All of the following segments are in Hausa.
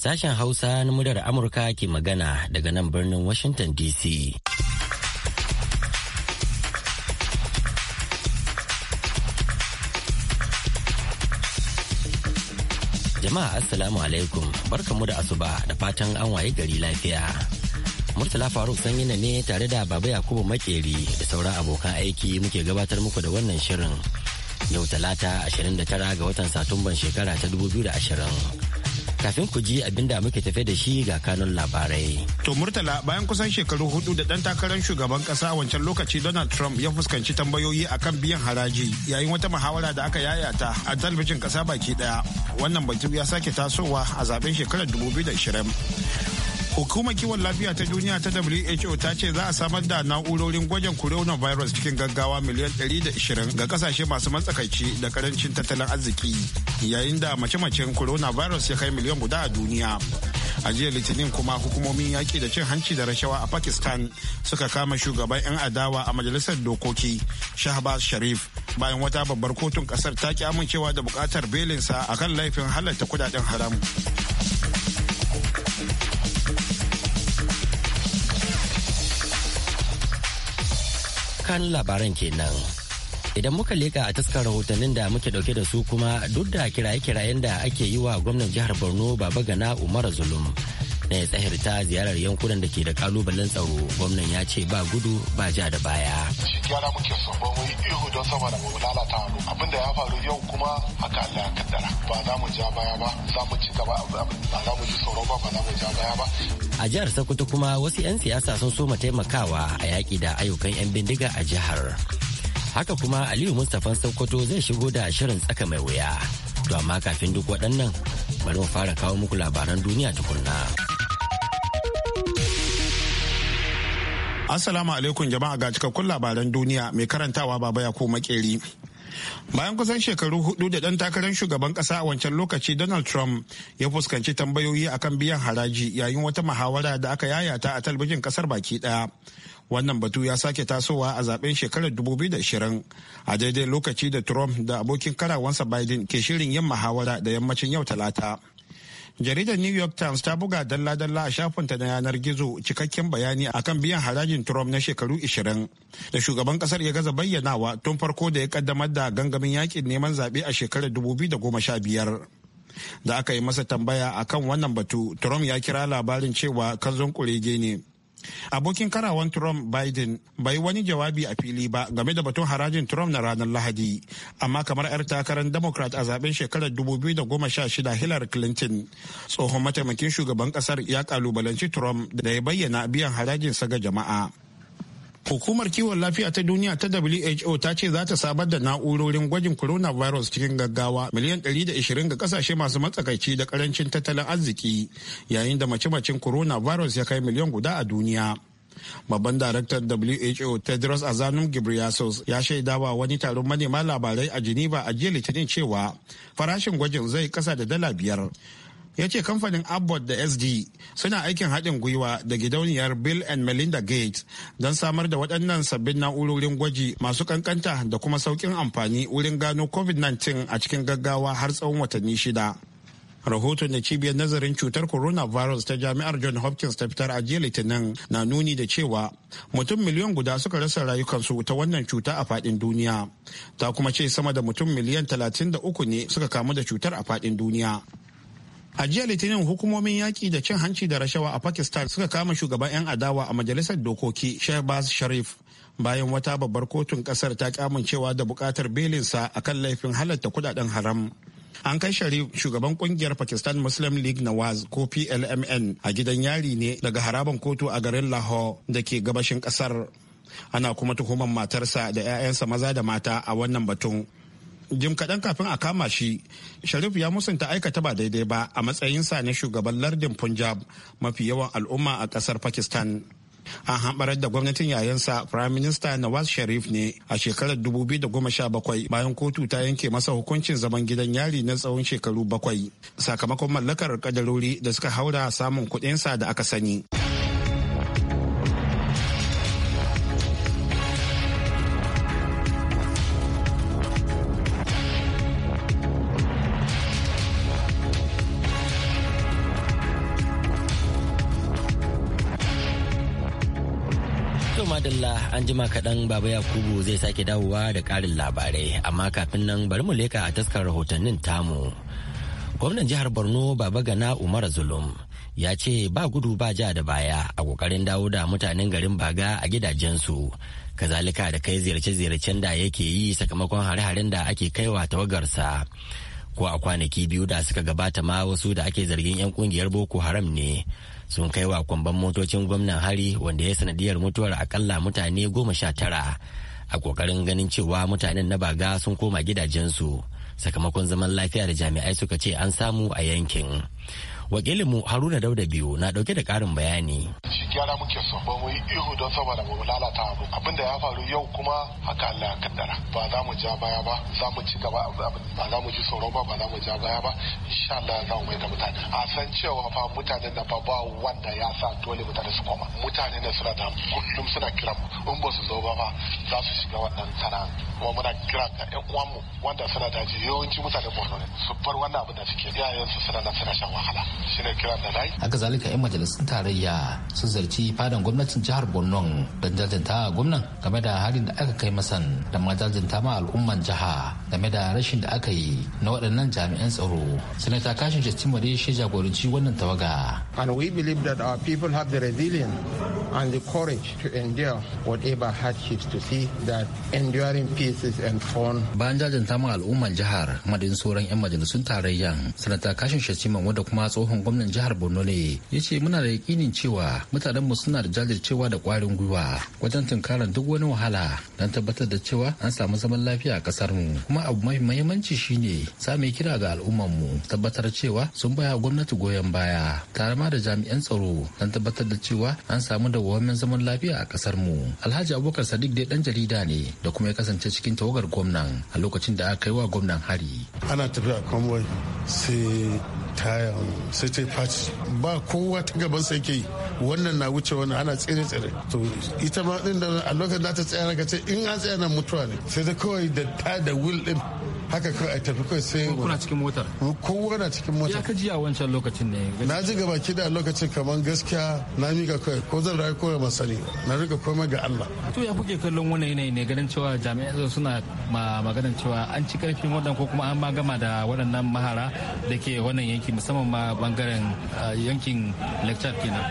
Sashen Hausa na muryar Amurka ke magana daga nan birnin Washington DC. Jama'a Assalamu alaikum barkamu da asuba da fatan an waye gari lafiya. Murtala Faruk sanyina ne tare da Baba Yakubu Makeri da sauran abokan aiki muke gabatar muku da wannan shirin. Yau talata 29 ga watan Satumban shekara ta 2020. kafin ku ji abin da muke tafe da shi ga kanun labarai. To Murtala bayan kusan shekaru hudu da dan takarar shugaban kasa wancan lokaci Donald Trump ya fuskanci tambayoyi akan biyan haraji yayin wata muhawara da aka yayata a talabijin kasa baki ɗaya. Wannan batu ya sake tasowa a zaben shekarar 2020. Hukumar kiwon lafiya ta duniya ta WHO ta ce za a samar da na'urorin gwajin virus cikin gaggawa miliyan 120 ga kasashe masu matsakaici da karancin tattalin arziki yayin da mace-macen corona-virus ya kai miliyan guda a duniya. a jiya litinin kuma hukumomin yaƙi da cin hanci da rashawa a pakistan suka kama shugaban 'yan adawa a majalisar dokoki shahbaz sharif bayan wata babbar kotun ƙasar ta ki amincewa da buƙatar belinsa akan laifin halatta kudaden haram kan labaran kenan. Idan muka leka a taskar rahotannin da muke ɗauke da su kuma duk da kiraye-kirayen da ake yi wa gwamnan jihar Borno Baba Gana Umar Zulum na ya tsahir ta ziyarar yankunan da ke da kalubalen tsaro gwamnan ya ce ba gudu ba ja da baya. Shi muke so ba mu yi ihu don saboda mu lalata abinda ya faru yau kuma ba za mu ja baya ba za mu ci gaba ba za mu ji tsoro ba ba za mu ja baya ba. A jihar Sokoto kuma wasu 'yan siyasa sun soma taimakawa a yaƙi da ayyukan 'yan bindiga a jihar. Haka kuma Aliyu Mustapha Sokoto zai shigo da shirin tsaka mai wuya. To amma kafin duk waɗannan bari mu fara kawo muku labaran duniya tukunna. Assalamu alaikum jama'a ga cikakkun labaran duniya mai karantawa baba ya ko makeri. bayan kusan shekaru hudu da ɗan takarar shugaban ƙasa a wancan lokaci donald trump ya fuskanci tambayoyi akan biyan haraji yayin wata muhawara da aka yayata a talbijin ƙasar baki ɗaya wannan batu ya sake tasowa a zaben shekarar 2020 a daidai lokaci da trump da abokin karawansa biden ke shirin yin muhawara da yammacin yau talata jaridar new york times ta buga dalla-dalla a shafinta na yanar gizo cikakken bayani akan biyan harajin trump na shekaru 20 da shugaban kasar ya gaza bayyanawa tun farko da ya kaddamar da gangamin yakin neman zaɓe a shekarar 2015 da aka yi masa tambaya akan wannan batu trump ya kira labarin cewa kanzon kurege ne abokin karawan trump biden bai wani jawabi a fili ba game da batun harajin trump na ranar lahadi amma kamar 'yar takarar democrat a zaben shekarar 2016 hillary clinton tsohon mataimakin shugaban kasar ya kalubalanci trump da ya bayyana biyan harajinsa ga jama'a Hukumar kiwon lafiya ta duniya ta WHO ta ce za ta samar da na'urorin gwajin coronavirus cikin gaggawa miliyan 120 ga kasashe masu matsakaici da karancin tattalin arziki yayin da mace-macen coronavirus ya kai miliyan guda a duniya. Babban daraktan WHO Tedros azanum gibriasos ya shaida wa wani taron manema labarai a Geneva a jiya Litinin cewa farashin gwajin zai kasa da dala biyar ya ce kamfanin abbott da sd suna aikin haɗin gwiwa da gidauniyar bill and melinda gates don samar da waɗannan sabbin na'urorin gwaji masu kankanta da kuma saukin amfani wurin gano covid-19 a cikin gaggawa har tsawon watanni shida rahoton da cibiyar nazarin cutar coronavirus ta jami'ar john hopkins ta fitar a jiya litinin na nuni da cewa mutum miliyan guda suka rasa rayukansu ta wannan cuta a fadin duniya ta kuma ce sama da mutum miliyan 33 ne suka kamu da cutar a fadin duniya A jiya Litinin hukumomin yaƙi da cin hanci da rashawa a Pakistan suka kama shugaban 'yan adawa a majalisar dokoki Shehbaz Sharif bayan wata babbar kotun ƙasar ta kamuncewa da buƙatar belinsa kan laifin halatta kudaden haram. An kai Sharif shugaban kungiyar Pakistan Muslim League Nawaz ko PLMN a gidan yari ne daga haraban kotu a garin Lahore da ke gabashin ƙasar. Ana kuma tuhumar matarsa da 'ya'yansa maza da mata a wannan batun. jim kaɗan kafin a kama shi sharif ya musanta aikata ba daidai ba a matsayinsa na shugaban lardin punjab mafi yawan al'umma a ƙasar pakistan an haɓarar da gwamnatin yayansa prime minister nawaz sharif ne a shekarar 2017 bayan kotu ta yanke masa hukuncin zaman gidan yari na tsawon shekaru bakwai sakamakon mallakar kadarori da suka haura samun kuɗinsa da aka sani. an jima kaɗan baba yakubu zai sake dawowa da ƙarin labarai amma kafin nan bari mu leka a taskar rahotannin tamu gwamnan jihar borno baba gana umar zulum ya ce ba gudu ba ja da baya a ƙoƙarin dawo da mutanen garin baga a gidajensu kazalika da kai ziyarce-ziyarcen da yake yi sakamakon hare-haren da ake kaiwa tawagarsa ko a kwanaki biyu da suka gabata ma wasu da ake zargin 'yan kungiyar boko haram ne sun kai wa kwamban motocin gwamnan hari wanda ya sanadiyar mutuwar akalla mutane goma sha tara a kokarin ganin cewa mutanen na baga sun koma gidajensu sakamakon zaman lafiya da jami'ai suka ce an samu a yankin wakilinmu haruna dauda biyu na dauke da karin bayani gyara muke so ba mu yi ihu don saboda mu lalata abu abin da ya faru yau kuma haka Allah ya kaddara ba za mu ja baya ba za mu ci gaba ba za mu ji tsoro ba ba za mu ja baya ba insha Allah za mu mai da mutane a san cewa fa mutanen da fa ba wanda ya sa dole mutane su koma mutane ne suna da kullum suna kiran mu in ba su zo ba ba za su shiga wannan sana'a kuma muna kira ga ƴan uwanmu wanda suna da ji yawanci mutanen Borno ne su bar wannan abin da suke iyayensu suna nan suna shan wahala shine kiran da nayi haka zalika ƴan majalisun tarayya sun ziyarci fadan gwamnatin jihar borno don jajanta gwamnan game da halin da aka kai masan da ma jajanta ma al'umman jiha game da rashin da aka yi na waɗannan jami'an tsaro sanata kashin justin da shi jagoranci wannan tawaga and we believe that our people have the resilience and the courage to endure whatever hardships to see that enduring peace is enthroned bayan jajanta ma al'umman jihar madin sauran 'yan majalisun tarayyan sanata kashin shettima wanda kuma tsohon gwamnan jihar borno ne ya ce muna da yakinin cewa mutane mutanenmu suna da jajircewa da kwarin gwiwa wajen tunkarar duk wani wahala don tabbatar da cewa an samu zaman lafiya a kasar mu kuma abu mai mahimmanci shine sami kira ga al'ummar mu tabbatar cewa sun baya gwamnati goyon baya tare ma da jami'an tsaro don tabbatar da cewa an samu dawwamin zaman lafiya a kasar mu alhaji abubakar sadiq dai dan jarida ne da kuma ya kasance cikin tawagar gwamnan a lokacin da aka kai wa gwamnan hari ana tafiya convoy sai taya sai ta ba kowa ta gaban sai ke wannan na wuce wani ana tsere tsere to ita ma din da a lokacin da ta tsaya ka ce in an tsaya na mutuwa ne sai da kawai da ta da will din haka kawai a tafi kawai sai kuna cikin motar kowa na cikin motar ya kaji a wancan lokacin ne na ji gaba ki da lokacin kamar gaskiya na mika kawai ko zan rayu ko ban sani na rika komai ga Allah to ya kuke kallon wannan yanayi ne ganin cewa jami'an tsaro suna maganar cewa an ci karfin waɗannan ko kuma an ma gama da waɗannan mahara da ke wannan yanki musamman ma bangaren yankin lecture kenan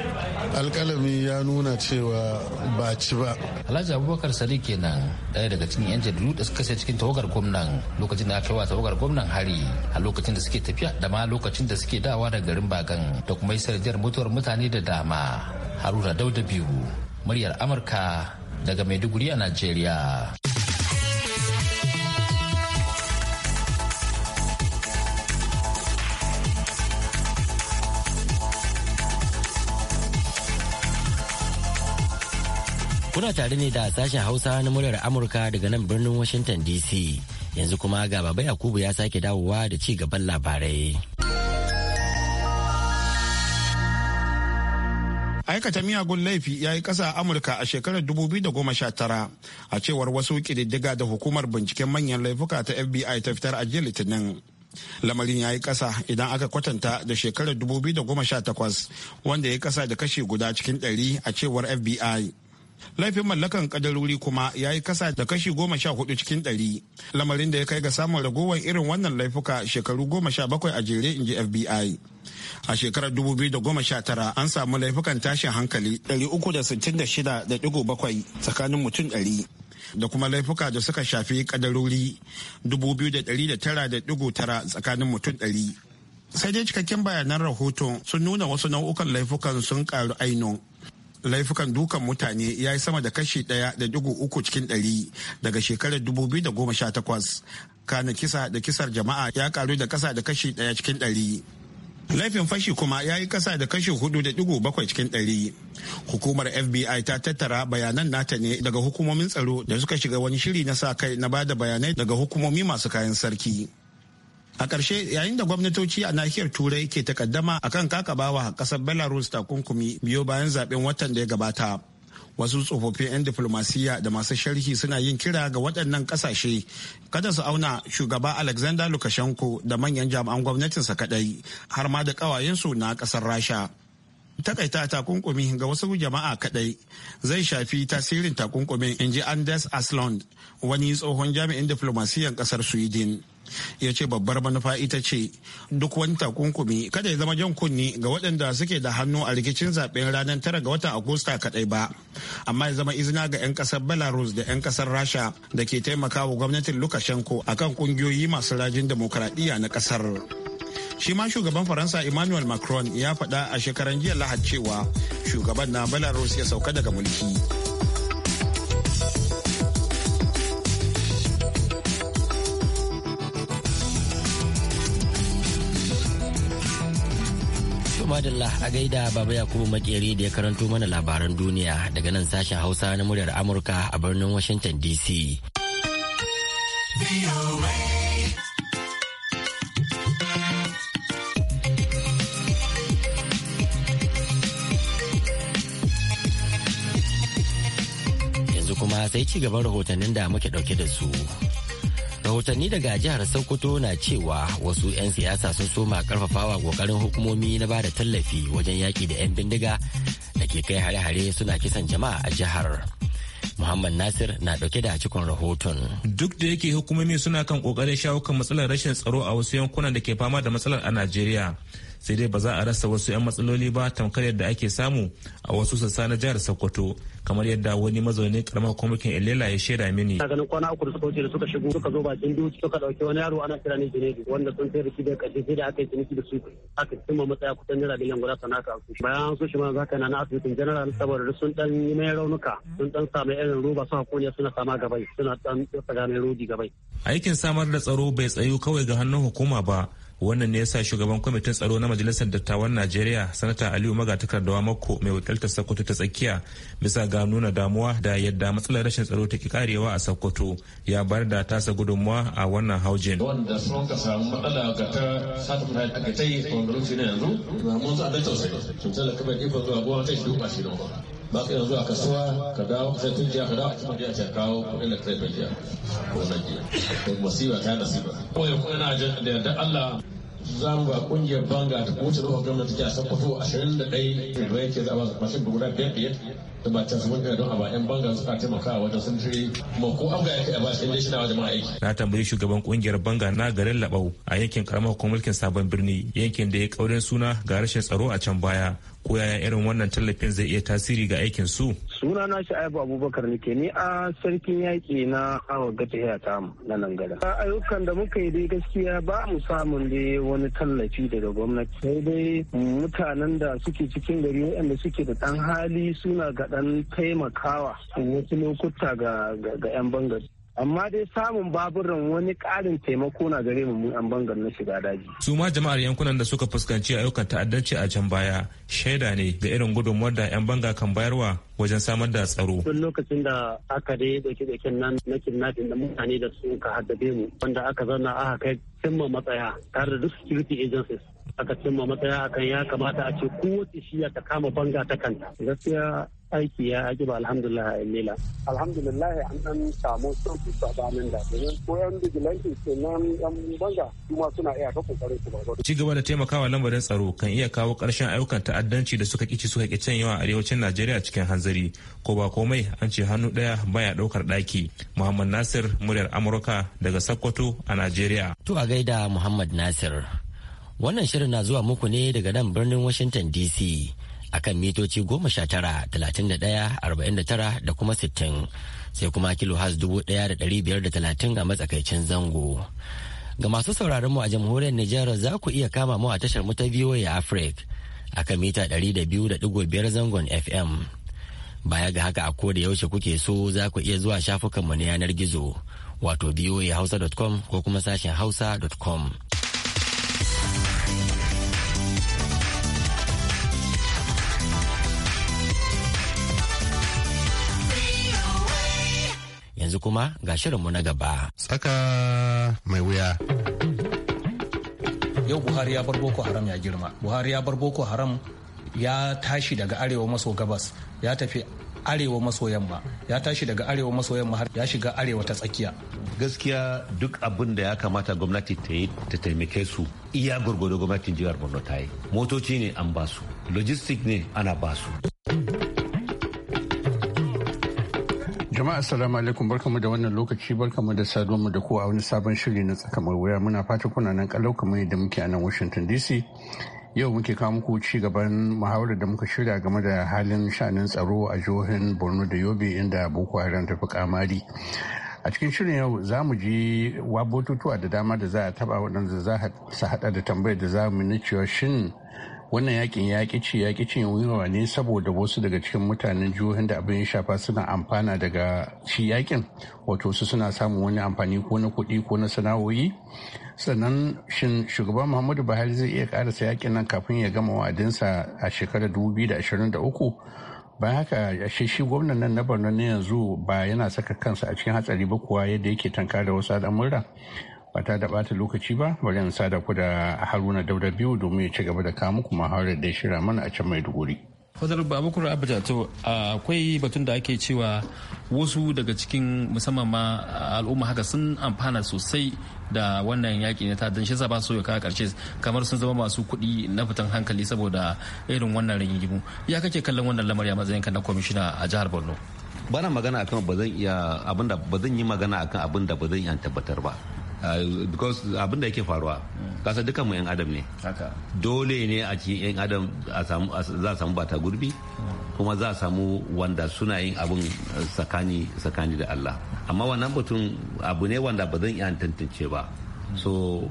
alƙalami ya nuna cewa ba ci ba alhaji abubakar sadiq kenan ɗaya daga cikin yan jaridu da suka sai cikin tawagar gwamnan lokacin na kaiwa tawagar gwamnan hari a lokacin da suke tafiya da ma lokacin da suke dawa da garin bagan da kuma yi sanadiyar mutuwar mutane da dama haruna dauda biyu muryar amurka daga maiduguri a nigeria. Kuna tare ne da sashen Hausa na muryar Amurka daga nan birnin Washington DC. yanzu kuma ga baba yakubu ya sake dawowa da ci gaban labarai aikata miyagun laifi ya yi ƙasa a amurka a shekarar 2019 a cewar wasu ƙididdiga da hukumar binciken manyan laifuka ta fbi ta fitar a litinin lamarin ya yi ƙasa idan aka kwatanta da shekarar 2018 wanda ya yi ƙasa da kashi guda cikin ɗari a cewar fbi laifin mallakan kadarori kuma ya yi kasa da kashi goma sha hudu cikin ɗari lamarin da ya kai ga samun ragowar irin wannan laifuka shekaru goma sha bakwai a jere inji fbi a shekarar 2019 an samu laifukan tashin hankali 366.7 tsakanin mutum 100 da kuma laifuka da suka shafi kadarori 2,909 tsakanin mutum 100 sai dai cikakken bayanan rahoton sun nuna wasu nau'ukan laifukan sun karu ainihin laifukan dukan mutane ya yi sama da kashi ɗaya da digo uku cikin ɗari daga shekarar 2018 kanin kisa da kisar jama'a ya karu da kasa da kashi ɗaya cikin ɗari laifin fashi kuma ya yi kasa da kashi hudu da digo bakwai cikin ɗari hukumar fbi ta tattara bayanan nata ne daga hukumomin tsaro da suka shiga wani shiri na sa kai na bada bayanai daga hukumomi masu kayan sarki a ƙarshe yayin da gwamnatoci a nahiyar turai ke takaddama akan kakabawa ƙasar belarus takunkumi biyo bayan zaben watan da ya gabata wasu tsofaffin 'yan diflomasiyya da masu sharhi suna yin kira ga waɗannan ƙasashe kada su auna shugaba alexander lukashenko da manyan jami'an gwamnatinsa kaɗai har ma da ƙawayensu na ƙasar rasha takaita takunkumi ga wasu jama'a kaɗai zai shafi tasirin takunkumin in ji anders aslund wani tsohon jami'in diflomasiyyan ƙasar sweden ya ce babbar manufa ita ce duk wani takunkumi kada ya zama jan kunni ga waɗanda suke da hannu a rikicin zaɓen ranar tara ga watan agusta kadai ba amma ya zama izina ga 'yan kasar belarus da 'yan kasar rasha da ke taimakawa gwamnatin lukashenko kan kungiyoyi masu rajin demokradiyya na kasar shi ma shugaban faransa emmanuel macron ya faɗa a shekaran jiya lahad cewa shugaban na belarus ya sauka daga mulki madalla a gaida baba yakubu makeri da ya karanto mana labaran duniya daga nan sashen hausa na muryar amurka a birnin washington dc yanzu kuma sai ci gaban rahotannin da muke dauke da su rahotanni daga jihar sokoto na cewa wasu 'yan siyasa sun soma karfafawa kokarin hukumomi na ba da tallafi wajen yaƙi da 'yan bindiga da ke kai hare-hare suna kisan jama'a a jihar muhammad nasir na dauke da cikon rahoton duk da yake hukumomi suna kan kokarin shawo kan matsalar rashin tsaro a wasu yankunan da ke fama da matsalar a najeriya sai dai ba za a rasa wasu 'yan matsaloli ba tamkar yadda ake samu a wasu sassa na jihar sokoto kamar yadda wani mazaunin karamar kwamitin elela ya shaida mini. na ganin kwana uku da suka wuce da suka shigo suka zo bakin duci suka dauki wani yaro ana kira ne jenedi wanda sun sai rikidar da sai da aka yi ciniki da su aka cimma matsaya kusan naira biliyan guda sana ka su bayan so shi ma za ka na na asibitin general saboda sun dan yi mai raunuka sun dan samu irin roba su hakoniya suna sama gabai suna dan tsaga mai rodi gabai. aikin samar da tsaro bai tsayu kawai ga hannun hukuma ba wannan ne ya sa shugaban kwamitin tsaro na majalisar dattawan najeriya sanata aliyu magatakardawa mako mai wakiltar sokoto ta tsakiya bisa ga nuna damuwa da yadda matsalar rashin tsaro take karewa a sokoto ya bar da tasa gudunmuwa a wannan haujin wanda sun samu matsala ga ta da ta yi yanzu na mun sa da tausayi tun zuwa ta shi shi don ba ka zuwa kasuwa ka dawo sai tun jiya ka dawo kuma jiya ta kawo kuɗin da kai bai jiya ko nan jiya ko masiba ta nasiba ko ya kuna da yadda Allah za mu ba kungiyar banga ta kowace lokacin gwamnati ta sakkwato 21 ribai ke zaba su mashin guda biyar biyar da ba can sun don a ba yan banga suka taimaka wajen sun tiri ko an ga yake a shi inda shi na wajen aiki. na tambayi shugaban kungiyar banga na garin labau a yankin karamar hukumar sabon birni yankin da ya kauren suna ga rashin tsaro a can baya ko yaya irin wannan tallafin zai iya tasiri ga aikin su suna na shi aibu abubakar nake ni a sarkin yaƙi na awa gata ya tamu na nan gada ayyukan da muka yi dai gaskiya ba mu samun dai wani tallafi daga gwamnati sai dai mutanen da suke cikin gari waɗanda suke da ɗan hali suna ga ɗan taimakawa wasu lokuta ga 'yan bangare amma dai samun baburan wani karin taimako na gare mu an bangar na shiga daji. su ma jama'ar yankunan da suka fuskanci ayyukan ta'addanci a can baya shaida ne ga irin gudunmuwar da 'yan banga kan bayarwa wajen samar da tsaro. Tun lokacin da aka dai dauki dauken nan na kidnapping da mutane da sun ka haddabe mu wanda aka zauna aka kai cimma matsaya tare da duk security agencies aka cimma matsaya akan ya kamata a ce kowace shiya ta kama banga ta kanta. Gaskiya aiki ya ba alhamdulillah a lela. Alhamdulillah an dan samu sauki nan da domin koyan bigilanti yan banga kuma suna iya ka kokarin su ba. Ci gaba da taimakawa lambarin tsaro kan iya kawo ƙarshen ayyukan ta'addanci da suka kici suka kicin yawa a arewacin Najeriya cikin hanzari ko ba komai an ce hannu ɗaya baya ɗaukar ɗaki. Muhammad Nasir muryar Amurka daga Sokoto a Najeriya. To a gaida Muhammad Nasir. Wannan shirin na zuwa muku ne daga nan birnin Washington DC. akan mitoci goma sha tara talatin da ɗaya arba'in da tara da kuma sittin sai kuma kilo has dubu ɗaya da ɗari biyar da talatin a matsakaicin zango. Ga masu sauraron mu a jamhuriyar Nijar za ku iya kama mu a tashar mu ta VOA Africa akan mita ɗari da biyu da ɗigo biyar zangon FM. Baya ga haka a da yaushe kuke so za ku iya zuwa shafukanmu na yanar gizo wato hausa.com ko kuma sashen hausa.com. yanzu kuma ga shirinmu na gaba. Tsaka mai wuya. Yau Buhari ya bar Boko Haram ya girma. Buhari ya bar Boko Haram ya tashi daga arewa maso gabas ya tafi arewa maso yamma ya tashi daga arewa maso yamma har ya shiga arewa ta tsakiya gaskiya duk abin da ya kamata gwamnati ta yi ta taimake su iya gwargwado gwamnatin jihar borno ta yi motoci ne an basu logistic ne ana basu Jama'a assalamu alaikum barkamu da wannan lokaci barkamu da saduwanmu da kowa wani sabon shiri na tsakamar wuya muna fata kuna nan kalau kamar yadda muke a nan Washington DC. Yau muke kawo muku ci gaban muhawarar da muka shirya game da halin sha'anin tsaro a jihohin Borno da Yobe inda Boko Haram tafi kamari. a cikin shirin yau za mu ji wa da dama da za a taba waɗanda za su haɗa da tambayar da za mu ni cewa shin wannan yakin ya ce ya ce ne saboda wasu daga cikin mutanen jihohin da abin ya shafa suna amfana daga shi yakin wato su suna samun wani amfani ko na kuɗi ko na sana'o'i sannan shin shugaban muhammadu buhari zai iya karasa yakin nan kafin ya gama wa'adinsa a shekarar 2023 bayan haka shi gwamnan nan na borno na yanzu ba yana saka kansa a cikin hatsari ba kuwa yadda yake tankar da wasu al'amura ba ta da bata lokaci ba bari in sada ku da haruna dauda biyu domin ya ci gaba da kamu kuma harar da shira mana a can maiduguri fadar babakur abujato akwai batun da ake cewa wasu daga cikin musamman ma al'umma haka sun amfana sosai da wannan yaƙi na tadan shi ba so ya kawo ƙarshe kamar sun zama masu kuɗi na fitan hankali saboda irin wannan rigingimu ya kake kallon wannan lamari a matsayin ka na kwamishina a jihar borno bana magana akan ba zan iya abin da ba zan yi magana akan abin da ba zan iya tabbatar ba Eh, because abin da yake faruwa kasa dukan mu yan adam ne dole ne a cikin yan adam za a samu bata gurbi kuma za a samu wanda suna yin abin eh, sakani sakani da Allah amma wannan batun abu ne wanda ba zan iya tantance ba so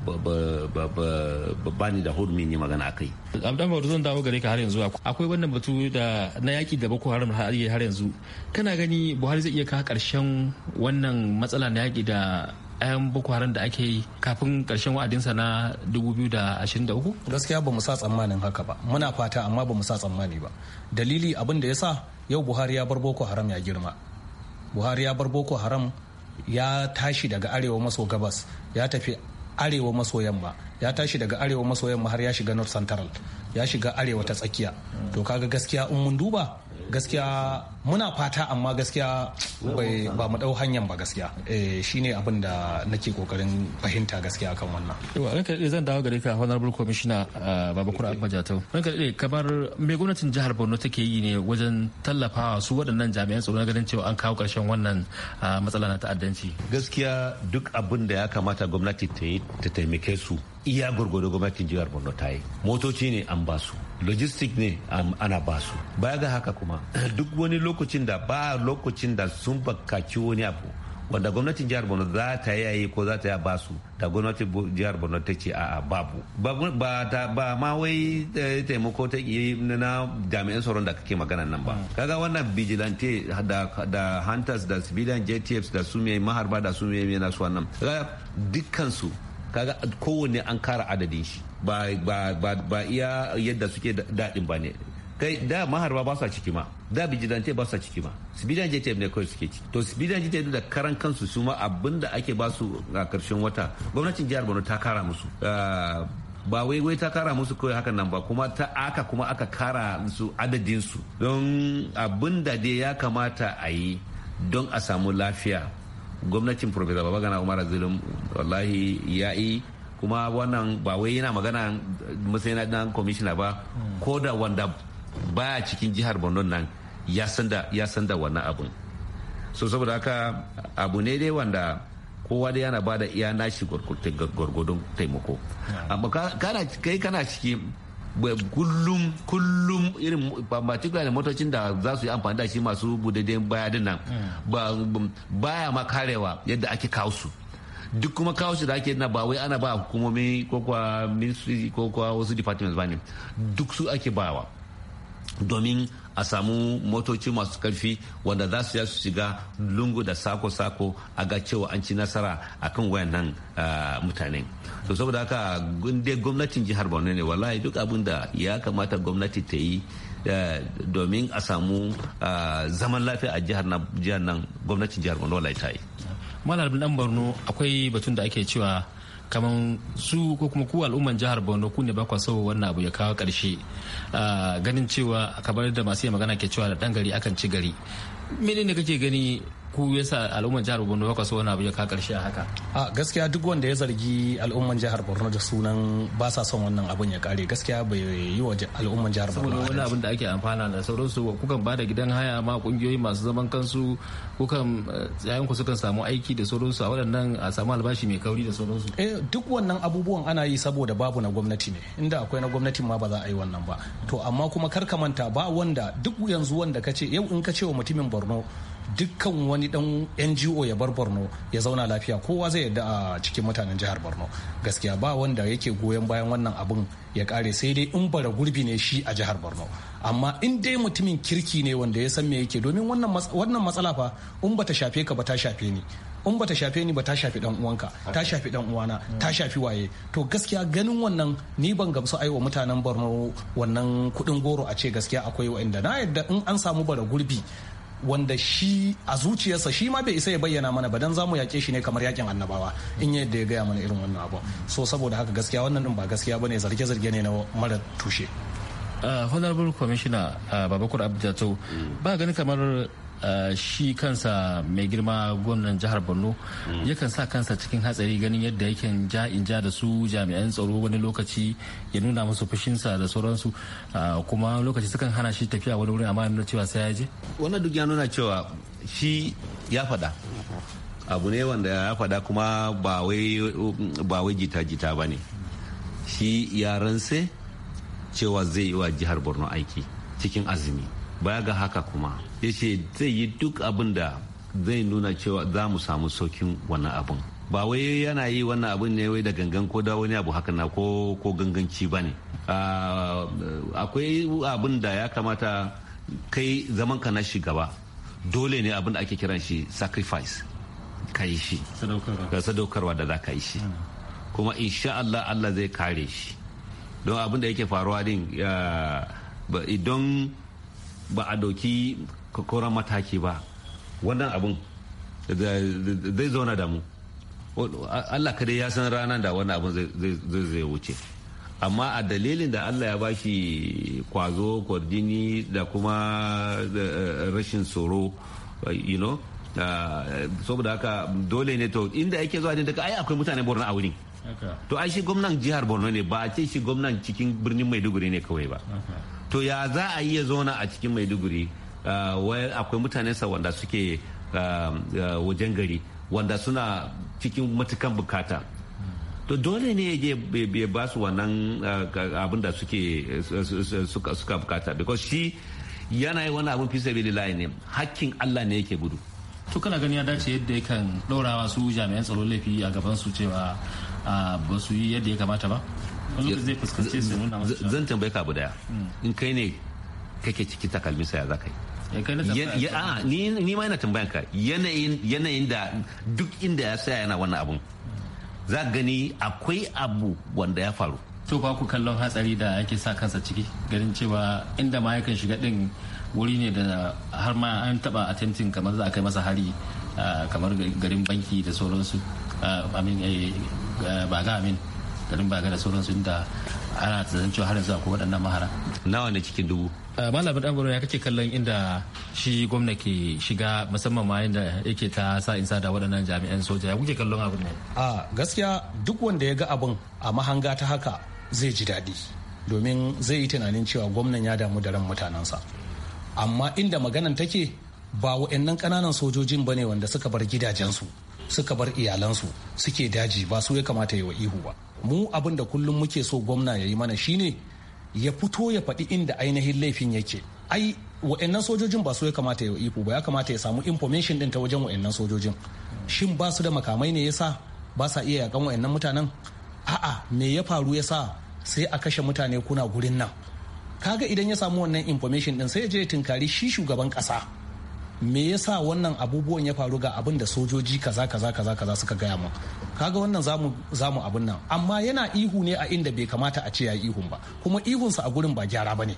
ba ni da hudu yi magana a kai. Abdan Bauru zan dawo gare ka har yanzu akwai wannan batu da na yaki da Boko Haram har yanzu kana gani Buhari zai iya kawo karshen wannan matsala na yaki da 'yan boko haram da ake yi kafin karshen wa'adinsa na 2023 gaskiya ba mu sa tsammanin haka ba muna fata amma ba mu sa tsammani ba dalili abin da ya sa yau buhari ya bar boko haram ya girma buhari ya bar boko haram ya tashi daga arewa maso gabas ya tafi arewa maso yamma ya tashi daga arewa maso yamma har ya shiga north central ya shiga arewa ta tsakiya to kaga gaskiya in mun duba gaskiya muna fata amma gaskiya ba mu dau hanyar ba gaskiya eh, shine abin da nake kokarin fahimta gaskiya kan wannan yawa ranka zan dawo gare ka honorable commissioner babakura abba jatau ranka dade kamar me gwamnatin jihar borno take yi ne wajen tallafawa su waɗannan jami'an tsaro na ganin cewa an kawo ƙarshen wannan matsala na ta'addanci gaskiya duk abin da ya kamata gwamnati ta yi ta taimake su iya gwargwado gwamnatin jihar borno ta yi motoci ne an basu logistic ne um, ana basu baya ga haka kuma duk wani lokaci lokacin da ba lokacin da sun bakaci wani abu wanda gwamnatin jihar borno za ta yayi ko za ta ya ba su da gwamnatin jihar borno ta ce a babu ba ma wai eh, taimako ta yi na jami'an tsaron da kake magana nan ba mm. kaga wannan vigilante da hunters da civilian jtfs da su mai maharba da su mai na su wannan kaga dukkan su kaga kowanne an kara adadin shi ba iya yadda suke daɗin ba ne kai da maharba ba sa ciki ma da bijidante ba sa ciki ma sibidan jete ne kawai suke ciki to sibidan jete da karan kansu su ma abinda ake ba su a karshen wata gwamnatin jihar borno ta kara musu ah, ba wai wai ta kara musu kawai hakan nan ba kuma ta aka kuma aka kara su adadin su don abinda da ya kamata a yi don a samu lafiya gwamnatin professor babagana umar azulum wallahi ya yi kuma wannan ba wai yana magana matsayin dan commissioner ba hmm. ko da wanda baya cikin jihar borno nan ya san da wannan abun so saboda haka abu ne dai wanda kowa dai yana bada iya nashi gwargwadon taimako amma kai kana ciki kullum kullum irin particular da motocin da za su yi amfani da shi masu budadden bayadin nan baya ma karewa yadda ake kawo su duk kuma kawo su da ake na ba wai ana ba hukumomi ko kwa ministry ko kwa wasu departments ba ne duk su ake bawa domin a samu motoci masu karfi wanda za su su shiga lungu da sako-sako a ga cewa an ci nasara a kan wayannan mutanen to saboda haka dai gwamnatin jihar borno ne wallahi duk abin da ya kamata gwamnati ta yi eh, domin a samu zaman lafiya a jihar nan gwamnatin jihar borno wallahi ta yi malar dan borno akwai batun da ake cewa kamar su ko kuma ku al'umman jihar borno ku ne ba so wannan abu ya kawo karshe ah, ganin cewa kamar da masu magana ke cewa da ɗan gari akan ci gari mene ne kake gani ku yasa al'umman jihar Borno ba so wani abu ya ka karshe a haka a gaskiya duk wanda ya zargi al'umman jihar Borno da sunan ba sa son wannan abun ya kare gaskiya bai yi wa al'umman jihar Borno saboda wani abun da ake amfana da sauransu kukan bada gidan haya ma kungiyoyi masu zaman kansu kukan eh, yayin ku sukan samu aiki da sauransu a waɗannan a samu albashi mai kauri da sauransu eh duk wannan abubuwan ana yi saboda babu na gwamnati ne inda akwai na gwamnati ma ba za a yi wannan ba to amma kuma kar ka manta ba wanda duk yanzu wanda kace yau in ka ce wa mutumin Borno dukkan wani dan NGO ya bar Borno ya zauna lafiya kowa zai yarda a cikin mutanen jihar Borno gaskiya ba wanda yake goyon bayan wannan abun ya kare sai dai in bara gurbi ne shi a jihar Borno amma in dai mutumin kirki ne wanda ya san me yake domin wannan matsala fa in bata shafe ka ba ta shafe ni in bata shafe ni ba ta shafe dan uwanka ta shafe dan uwana ta shafi waye to gaskiya ganin wannan ni ban gamsu ai wa mutanen Borno wannan kudin goro a ce gaskiya akwai wa'anda na yadda in an samu bara gurbi wanda shi a zuciyarsa shi ma bai isa ya bayyana mana ba dan zamu yake shi ne kamar yakin annabawa in yadda ya gaya mana irin wannan abu so saboda haka gaskiya wannan din ba gaskiya bane zarge-zarge ne na mara tushe uh, honorable commissioner uh, babakur abduljato mm. ba gani kamar shi kansa mai girma gwamnan jihar borno mm. yakan sa kansa cikin hatsari ganin yadda yake ja in ja da su jami'an tsaro wani lokaci ya nuna musu fushinsa da sauransu kuma lokaci sukan hana shi tafiya wani wurin amma nuna cewa sai ya je wannan duk ya nuna cewa shi ya faɗa abu ne wanda ya faɗa kuma ba wai jita-jita ba ne shi ya rantse cewa zai yi wa jihar borno aiki cikin azumi baya ga haka kuma ya ce zai yi duk abin da zai nuna cewa za mu samu saukin wannan abin ba wai yana yi wannan abin ne wai da gangan ko da wani abu haka na ko ko ganganci ba ne ah, akwai abin da ya kamata kai zaman ka na shugaba dole ne abin da ake kiran shi sacrifice ka yi shi sadaukarwa da za ka yi shi kuma insha Allah Allah zai kare shi don abin da yake faruwa din idan ba a dauki koran mataki ba wannan abin zai zauna da mu allah kadai ya san ranar da wannan abin zai zai wuce amma a dalilin da allah ya bashi kwazo kwarjini da kuma eh, eh, rashin tsoro you know ah, saboda haka dole ne to inda yake zuwa daga ai akwai mutane borno a wurin to ai shi gwamnan jihar borno ne ba a ce shi gwamnan cikin birnin maiduguri ne kawai ba to ya za a yi zauna a cikin maiduguri ah, akwai mutanensa wanda suke ah, ah, wajen gari wanda suna cikin matukan bukata to dole ne ya je ba su wannan abin da suke suka bukata because shi yana yi wani abin fisa bilillahi ne hakkin allah ne yake gudu to kana gani ya dace yadda ya yakan ɗaurawa su jami'an tsaro laifi a gaban su cewa ba su yi yadda ya kamata ba zan tambaye ka abu daya hmm. in kai ne kake ciki takalmin saya za ka eh, ni ma yana tambayan ka yanayin da duk inda ya saya yana wannan abun za gani akwai abu wanda ya faru to ba ku kallon hatsari da yake sa kansa ciki ganin cewa inda ma yakan shiga din wuri ne da har ma an taba attempting kamar za a kai masa hari kamar garin banki da sauransu amin eh, eh, ba ga amin garin baga da sauransu inda ana tunanin cewa har yanzu akwai waɗannan mahara nawa ne cikin dubu malamin ɗanbaro ya kake kallon inda shi gwamna ke shiga musamman ma yadda yake ta sa insa da waɗannan jami'an soja ya kuke kallon abin ne a gaskiya duk wanda ya ga abin a mahanga ta haka zai ji daɗi domin zai yi tunanin cewa gwamnan ya damu da ran mutanensa amma inda maganan take ba wa'annan ƙananan sojojin bane wanda suka bar gidajensu suka bar iyalansu suke daji ba su ya kamata yi wa ihu ba mu abin da kullum muke so gwamna ya yi mana shine ya fito ya faɗi inda ainihin laifin yake ai wa'annan sojojin ba su ya kamata ya ihu ba ya kamata ya samu information din ta wajen wa'annan sojojin shin ba su da makamai ne yasa ba sa iya yakan wa'annan mutanen a'a me ya faru yasa sai a kashe mutane kuna gurin nan kaga idan ya samu wannan information din sai ya je tunkari shi shugaban kasa me yasa wannan abubuwan ya faru ga abin da sojoji kaza kaza kaza kaza suka gaya mu kaga wannan zamu zamu abin nan amma yana ihu ne a inda bai kamata a ce ya ihun ba kuma ihunsa a gurin ba gyara bane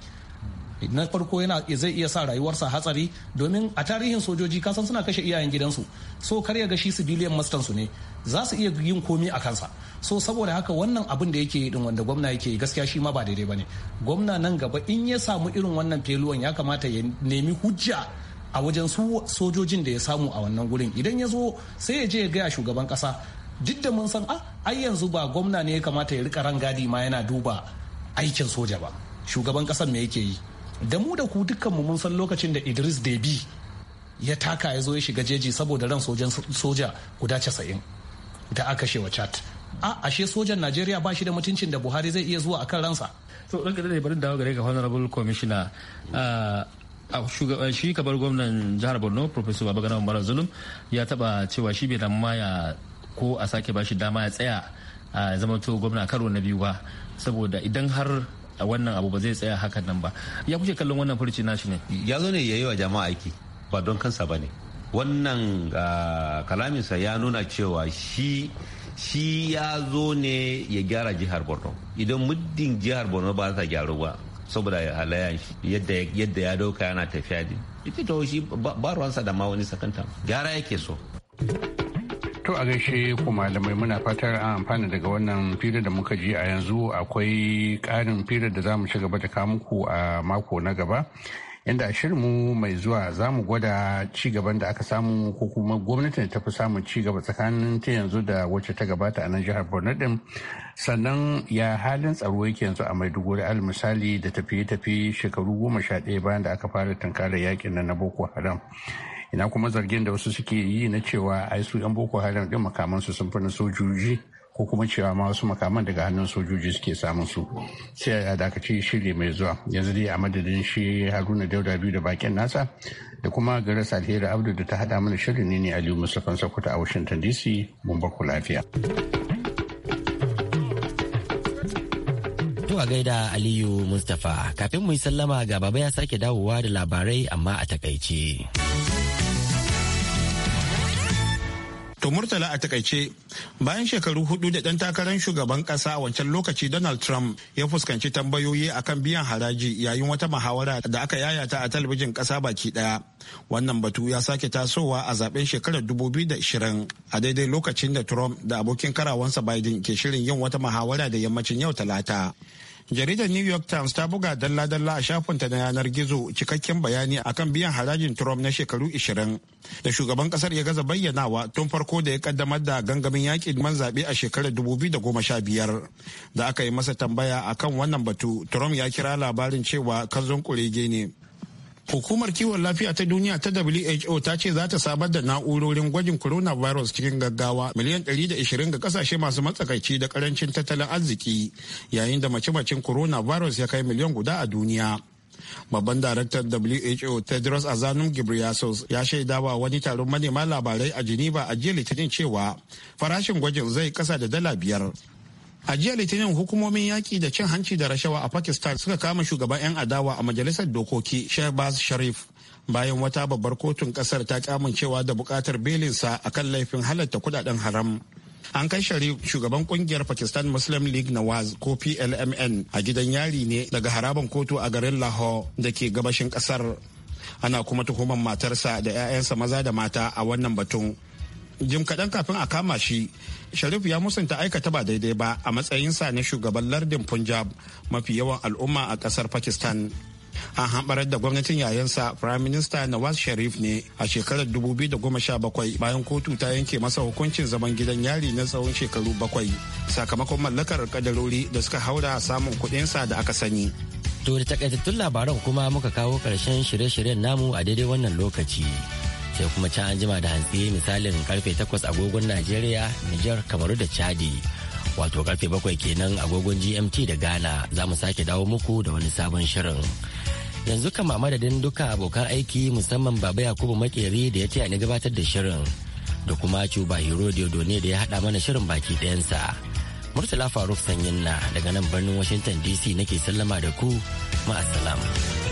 na farko yana zai iya sa rayuwarsa hatsari domin a tarihin sojoji kasan suna kashe iyayen gidansu so kar ya ga shi civilian mastan su ne za su iya yin komi a kansa so saboda haka wannan abin da yake din wanda gwamna yake gaskiya shi ma ba daidai ne. gwamna nan gaba in ya samu irin wannan feluwan ya kamata ya nemi hujja a wajen su sojojin da ya samu a wannan gurin idan ya zo sai ya je ya gaya shugaban kasa duk da mun san a ah, yanzu ba gwamna ne ya kamata ya rika rangadi ma yana duba aikin soja ba shugaban kasan me yake yi da mu da ku dukkanmu mun san lokacin da idris debi ya taka ya zo ya shiga jeji saboda ran sojan soja guda casa'in da aka shewa chat a ah, ashe sojan najeriya ba shi da mutuncin da buhari zai iya zuwa akan ransa to ranka dai bari dawo gare ga honorable commissioner ah, shi kabar gwamnan jihar borno professor babagana umar zulum ya taba cewa shi bai damu ya ko a sake bashi dama ya tsaya a zamanto gwamna karo na biyu ba saboda idan har wannan abu ba zai tsaya hakan nan ba ya kuce kallon wannan furci nashi ne ya zo ne yayi wa jama'a aiki ba don kansa ba ne wannan kalaminsa ya nuna cewa shi shi ya zo ne ya gyara jihar borno idan muddin jihar borno ba za ta gyaru ba saboda halayen yadda yadda ya ɗauka yana tafiya din ita to shi ba ruwansa da ma wani sakanta gyara yake so To a gaishe ku malamai muna fatar an amfana daga wannan fira da muka ji a yanzu akwai ƙarin fira da za mu ci gaba da kamuku a mako na gaba. inda a shirinmu mai zuwa za mu gwada cigaban da aka samu ko kuma gwamnatin ta fi samun cigaba tsakanin ta yanzu da wacce ta gabata a nan jihar borno din sannan ya halin tsaro yake yanzu a maiduguri al misali da tafiye-tafiye shekaru goma sha ɗaya bayan da aka fara tunkarar yakin na boko haram ina kuma zargin da wasu suke yi na cewa ai su yan boko haram din makamansu sun fi na sojoji ko kuma cewa ma wasu makaman daga hannun sojoji suke samun su sai a dakace shiri mai zuwa yanzu dai a madadin shi haruna dauda biyu da bakin nasa da kuma garas alheri abdu da ta hada mana shirin ne ne aliyu mustapha sokoto a washington dc mun baku lafiya to a gaida aliyu mustapha kafin mu yi sallama ga baba ya sake dawowa da labarai amma a takaice. To Murtala a takaice bayan shekaru hudu da ɗan takarar shugaban ƙasa a wancan lokaci Donald Trump ya fuskanci tambayoyi akan biyan haraji yayin wata muhawara da aka yayata a talabijin ƙasa baki ɗaya. Wannan batu ya sake tasowa a zaben shekarar 2020 a daidai lokacin da Trump da abokin karawansa Biden ke shirin yin wata muhawara da yammacin yau Talata. jaridar new york times ta buga dalla-dalla a shafinta na yanar gizo cikakken bayani akan biyan harajin trump na shekaru 20 da shugaban kasar ya gaza bayyanawa tun farko da ya kaddamar da gangamin yakin man zaɓe a shekarar 2015 da aka yi masa tambaya akan wannan batu trump ya kira labarin cewa kanzon kurege ne Hukumar kiwon lafiya ta duniya ta WHO ta ce za ta samar da na'urorin gwajin coronavirus cikin gaggawa miliyan 120 ga kasashe masu matsakaici da karancin tattalin arziki yayin da mace-macen coronavirus ya kai miliyan guda a duniya. Babban daraktan WHO Tedros Adhanom Ghebreyesus ya shaida wa wani taron manema labarai a Geneva a jiya Litinin cewa farashin gwajin zai kasa da dala biyar A jiya Litinin hukumomin yaƙi da cin hanci da rashawa a Pakistan suka kama shugaban 'yan adawa a majalisar dokoki Shehbaz Sharif bayan wata babbar kotun ƙasar ta kamuncewa da buƙatar belinsa kan laifin halatta kudaden haram. An kai Sharif shugaban kungiyar Pakistan Muslim League Nawaz ko PLMN a gidan yari ne daga haraban kotu a garin Lahore da ke gabashin ƙasar. Ana kuma tuhumar matarsa da 'ya'yansa maza da mata a wannan batun. jim kaɗan kafin a kama shi sharif ya musanta aikata ba daidai ba a matsayinsa na shugaban lardin punjab mafi yawan al'umma a ƙasar pakistan an hanɓarar da gwamnatin yayansa prime minister nawaz sharif ne a shekarar 2017 bayan kotu ta yanke masa hukuncin zaman gidan yari na tsawon shekaru bakwai sakamakon mallakar kadarori da suka haura samun kudinsa da aka sani to da takaitattun labaran kuma muka kawo karshen shirye-shiryen namu a daidai wannan lokaci sai kuma can an jima da hantsi misalin karfe takwas agogon Najeriya, Nijar, Kamaru da Chadi. Wato karfe bakwai kenan agogon GMT da Ghana za mu sake dawo muku da wani sabon shirin. Yanzu kama madadin duka abokan aiki musamman Baba Yakubu Makeri da ya taya ni gabatar da shirin da kuma Cuba Hero ne da ya haɗa mana shirin baki ɗayansa. Murtala Faruk Sanyin na daga nan birnin Washington DC nake sallama da ku ma'asalam.